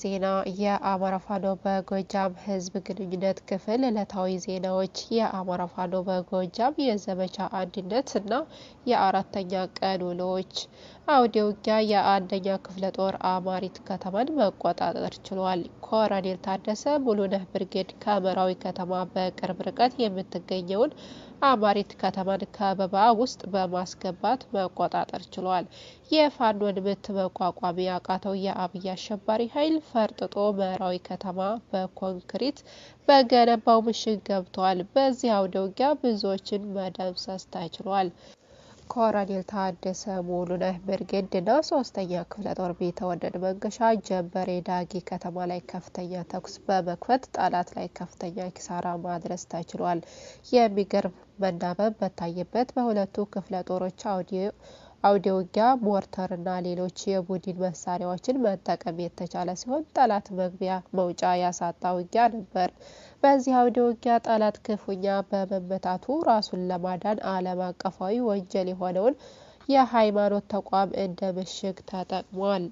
ዜና የአማራ ፋኖ በጎጃም ህዝብ ግንኙነት ክፍል ዕለታዊ ዜናዎች፣ የአማራ ፋኖ በጎጃም የዘመቻ አንድነት እና የአራተኛ ቀን ውሎዎች፣ አውደ ውጊያ የአንደኛ ክፍለ ጦር አማሪት ከተማን መቆጣጠር ችሏል። ኮረኔል ታደሰ ሙሉነህ ብርጌድ ከመራዊ ከተማ በቅርብ ርቀት የምትገኘውን አማሪት ከተማን ከበባ ውስጥ በማስገባት መቆጣጠር ችሏል። የፋኖን ምት መቋቋም ያቃተው የአብይ አሸባሪ ኃይል ፈርጥጦ መራዊ ከተማ በኮንክሪት በገነባው ምሽግ ገብተዋል። በዚህ አውደ ውጊያ ብዙዎችን መደምሰስ ተችሏል። ኮሎኔል ታደሰ ሙሉነህ እና ሶስተኛ ክፍለ ጦር ቢተወደድ መንገሻ ጀንበሬ ዳጊ ከተማ ላይ ከፍተኛ ተኩስ በመክፈት ጠላት ላይ ከፍተኛ ኪሳራ ማድረስ ተችሏል። የሚገርም መናበብ በታየበት በሁለቱ ክፍለ ጦሮች አውዲዮ አውደ ውጊያ ሞርተርና ሌሎች የቡድን መሳሪያዎችን መጠቀም የተቻለ ሲሆን ጠላት መግቢያ መውጫ ያሳጣ ውጊያ ነበር። በዚህ አውደ ውጊያ ጠላት ክፉኛ በመመታቱ ራሱን ለማዳን ዓለም አቀፋዊ ወንጀል የሆነውን የሃይማኖት ተቋም እንደ ምሽግ ተጠቅሟል።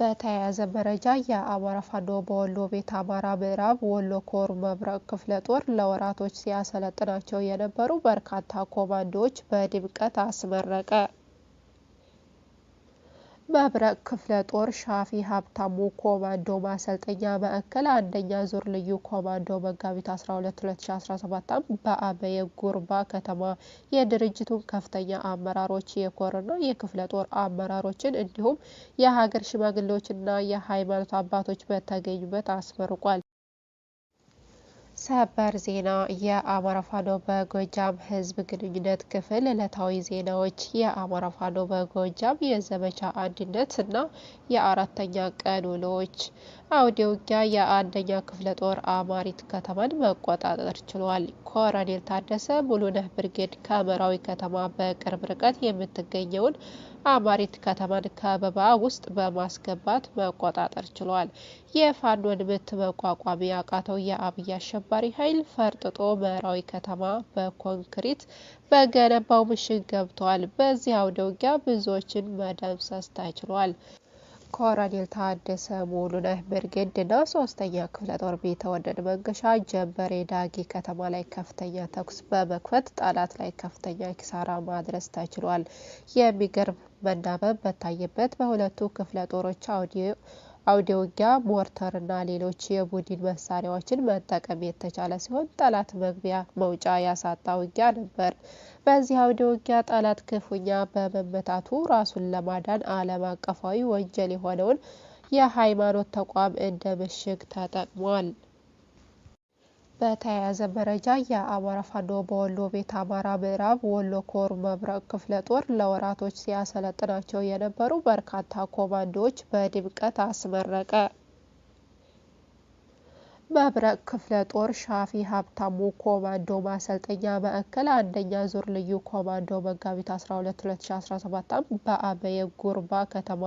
በተያያዘ መረጃ የአማራ ፋኖ በወሎ ቤት አማራ ምዕራብ ወሎ ኮር መብረቅ ክፍለ ጦር ለወራቶች ሲያሰለጥናቸው የነበሩ በርካታ ኮማንዶዎች በድምቀት አስመረቀ። መብረቅ ክፍለ ጦር ሻፊ ሀብታሙ ኮማንዶ ማሰልጠኛ ማዕከል አንደኛ ዙር ልዩ ኮማንዶ መጋቢት 12 2017 በአበየ ጉርባ ከተማ የድርጅቱን ከፍተኛ አመራሮች የኮርና የክፍለ ጦር አመራሮችን እንዲሁም የሀገር ሽማግሌዎችና የሃይማኖት አባቶች በተገኙበት አስመርቋል። ሰበር ዜና የአማራ ፋኖ በጎጃም ህዝብ ግንኙነት ክፍል ዕለታዊ ዜናዎች የአማራ ፋኖ በጎጃም የዘመቻ አንድነት እና የአራተኛ ቀን ውሎዎች አውደ ውጊያ የአንደኛ ክፍለ ጦር አማሪት ከተማን መቆጣጠር ችሏል። ኮረኔል ታደሰ ሙሉነህ ብርጌድ ከመራዊ ከተማ በቅርብ ርቀት የምትገኘውን አማሪት ከተማን ከበባ ውስጥ በማስገባት መቆጣጠር ችሏል። የፋኖን ምት መቋቋሚ አቃተው የአብይ አሸባ አሸባሪ ኃይል ፈርጥጦ መራዊ ከተማ በኮንክሪት በገነባው ምሽግ ገብተዋል። በዚህ አውደ ውጊያ ብዙዎችን መደምሰስ ተችሏል። ኮሎኔል ታደሰ ሙሉነ ብርጌድ እና ሶስተኛ ክፍለ ጦር ቢተወደድ መንገሻ ጀንበሬ ዳጊ ከተማ ላይ ከፍተኛ ተኩስ በመክፈት ጠላት ላይ ከፍተኛ ኪሳራ ማድረስ ተችሏል። የሚገርም መናበብ በታየበት በሁለቱ ክፍለ ጦሮች አውዲዮ አውደ ሞርተር እና ሌሎች የቡድን መሳሪያዎችን መጠቀም የተቻለ ሲሆን ጠላት መግቢያ መውጫ ያሳጣ ውጊያ ነበር። በዚህ አውደ ጠላት ክፉኛ በመመታቱ ራሱን ለማዳን ዓለም አቀፋዊ ወንጀል የሆነውን የሃይማኖት ተቋም እንደ ምሽግ ተጠቅሟል። በተያያዘ መረጃ የአማራ ፋኖ በወሎ ቤት አማራ ምዕራብ ወሎ ኮር መብረቅ ክፍለ ጦር ለወራቶች ሲያሰለጥናቸው የነበሩ በርካታ ኮማንዶዎች በድምቀት አስመረቀ። መብረቅ ክፍለ ጦር ሻፊ ሀብታሙ ኮማንዶ ማሰልጠኛ ማዕከል አንደኛ ዙር ልዩ ኮማንዶ መጋቢት 12 2017 በአበየ ጉርባ ከተማ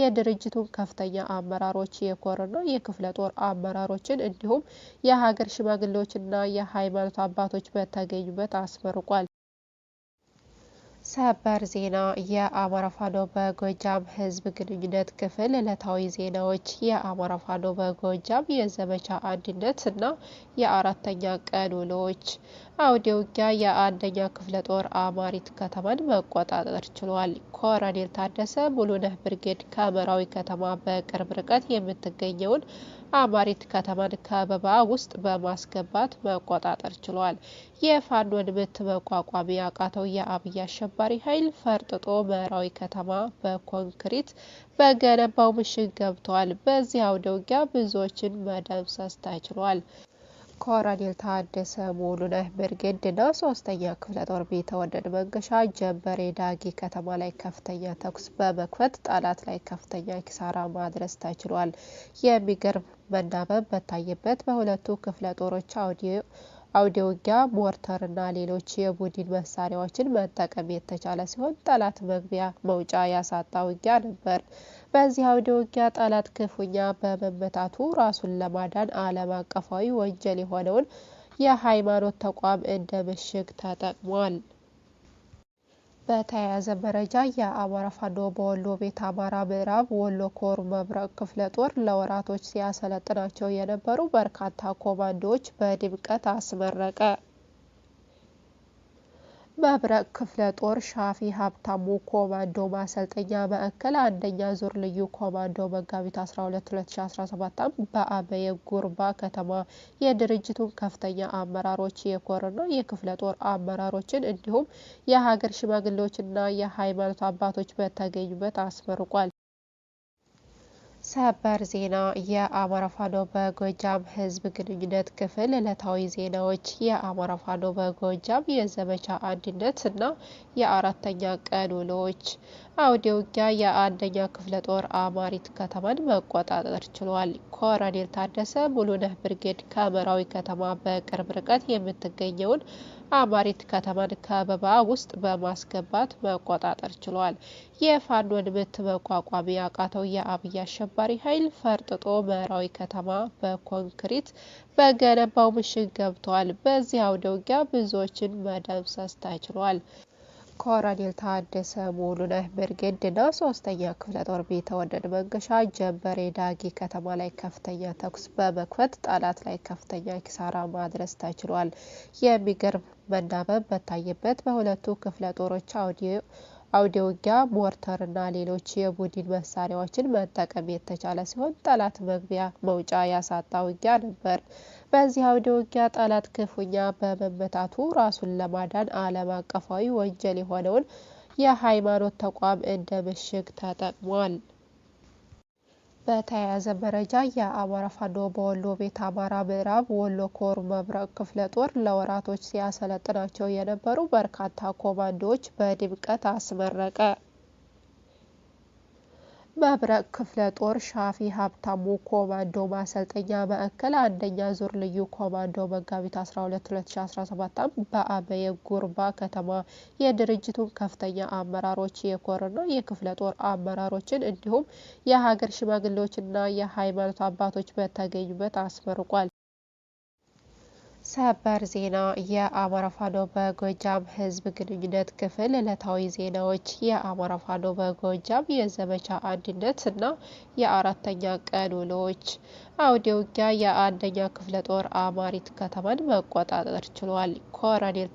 የድርጅቱን ከፍተኛ አመራሮች የኮርና የክፍለ ጦር አመራሮችን እንዲሁም የሀገር ሽማግሌዎችና የሃይማኖት አባቶች በተገኙበት አስመርቋል። ሰበር ዜና የአማራ ፋኖ በጎጃም ህዝብ ግንኙነት ክፍል ዕለታዊ ዜናዎች። የአማራ ፋኖ በጎጃም የዘመቻ አንድነት እና የአራተኛ ቀን ውሎዎች አውደ ውጊያ የአንደኛ ክፍለ ጦር አማሪት ከተማን መቆጣጠር ችሏል። ኮሎኔል ታደሰ ሙሉነህ ብርጌድ ከመራዊ ከተማ በቅርብ ርቀት የምትገኘውን አማሪት ከተማን ከበባ ውስጥ በማስገባት መቆጣጠር ችሏል። የፋኖን ምት መቋቋም ያቃተው የአብይ አሸባሪ ኃይል ፈርጥጦ መራዊ ከተማ በኮንክሪት በገነባው ምሽግ ገብቷል። በዚህ አውደ ውጊያ ብዙዎችን መደምሰስ ተችሏል። ኮሎኔል ታደሰ ሙሉነህ ብርጌድና ሶስተኛ ክፍለ ጦር ቢተወደድ መንገሻ ጀንበሬ ዳጊ ከተማ ላይ ከፍተኛ ተኩስ በመክፈት ጠላት ላይ ከፍተኛ ኪሳራ ማድረስ ተችሏል። የሚገርም መናበብ በታየበት በሁለቱ ክፍለ ጦሮች አውደ ውጊያ ሞርተርና ሌሎች የቡድን መሳሪያዎችን መጠቀም የተቻለ ሲሆን ጠላት መግቢያ መውጫ ያሳጣ ውጊያ ነበር። በዚህ አውደ ውጊያ ጠላት ክፉኛ በመመታቱ ራሱን ለማዳን ዓለም አቀፋዊ ወንጀል የሆነውን የሃይማኖት ተቋም እንደ ምሽግ ተጠቅሟል። በተያያዘ መረጃ የአማራ ፋኖ በወሎ ቤት አማራ ምዕራብ ወሎ ኮር መብረቅ ክፍለ ጦር ለወራቶች ሲያሰለጥናቸው የነበሩ በርካታ ኮማንዶዎች በድምቀት አስመረቀ። መብረቅ ክፍለ ጦር ሻፊ ሀብታሙ ኮማንዶ ማሰልጠኛ ማዕከል አንደኛ ዙር ልዩ ኮማንዶ መጋቢት 12 2017 ዓ.ም በአበየ ጉርባ ከተማ የድርጅቱን ከፍተኛ አመራሮች የኮርና የክፍለ ጦር አመራሮችን እንዲሁም የሀገር ሽማግሌዎችና የሃይማኖት አባቶች በተገኙበት አስመርቋል። ሰበር ዜና የአማራ ፋኖ በጎጃም ህዝብ ግንኙነት ክፍል ዕለታዊ ዜናዎች። የአማራ ፋኖ በጎጃም የዘመቻ አንድነት እና የአራተኛ ቀን ውሎዎች። አውዲ ውጊያ የአንደኛ ክፍለ ጦር አማሪት ከተማን መቆጣጠር ችሏል። ኮረኔል ታደሰ ሙሉነህ ብርጌድ ከመራዊ ከተማ በቅርብ ርቀት የምትገኘውን አማሪት ከተማን ከበባ ውስጥ በማስገባት መቆጣጠር ችሏል። የፋኖን ምት መቋቋሚ ያቃተው የአብይ አሸባ አሸባሪ ኃይል ፈርጥጦ መራዊ ከተማ በኮንክሪት በገነባው ምሽግ ገብተዋል። በዚህ አውደ ውጊያ ብዙዎችን መደምሰስ ተችሏል። ኮሎኔል ታደሰ ሙሉነህ እና ሶስተኛ ክፍለ ጦር ቢተወደድ መንገሻ ጀንበሬ ዳጊ ከተማ ላይ ከፍተኛ ተኩስ በመክፈት ጠላት ላይ ከፍተኛ ኪሳራ ማድረስ ተችሏል። የሚገርም መናበብ በታየበት በሁለቱ ክፍለ ጦሮች አውዲዮ አውደ ውጊያ እና ሌሎች የቡድን መሳሪያዎችን መጠቀም የተቻለ ሲሆን ጠላት መግቢያ መውጫ ያሳጣ ውጊያ ነበር። በዚህ አውደ ውጊያ ጠላት ክፉኛ በመመታቱ ራሱን ለማዳን ዓለም አቀፋዊ ወንጀል የሆነውን የሃይማኖት ተቋም እንደ ምሽግ ተጠቅሟል። በተያያዘ መረጃ የአማራ ፋኖ በወሎ ቤት አማራ ምዕራብ ወሎ ኮር መብረቅ ክፍለ ጦር ለወራቶች ሲያሰለጥናቸው የነበሩ በርካታ ኮማንዶዎች በድምቀት አስመረቀ። መብረቅ ክፍለ ጦር ሻፊ ሀብታሙ ኮማንዶ ማሰልጠኛ ማዕከል አንደኛ ዙር ልዩ ኮማንዶ መጋቢት 12 2017 በአበየ ጉርባ ከተማ የድርጅቱን ከፍተኛ አመራሮች የኮርና የክፍለ ጦር አመራሮችን እንዲሁም የሀገር ሽማግሌዎችና የሃይማኖት አባቶች በተገኙበት አስመርቋል። ሰበር ዜና የአማራ ፋኖ በጎጃም ህዝብ ግንኙነት ክፍል ዕለታዊ ዜናዎች። የአማራ ፋኖ በጎጃም የዘመቻ አንድነት እና የአራተኛ ቀን ውሎዎች። አውደ ውጊያ የአንደኛ ክፍለ ጦር አማሪት ከተማን መቆጣጠር ችሏል። ኮረኔል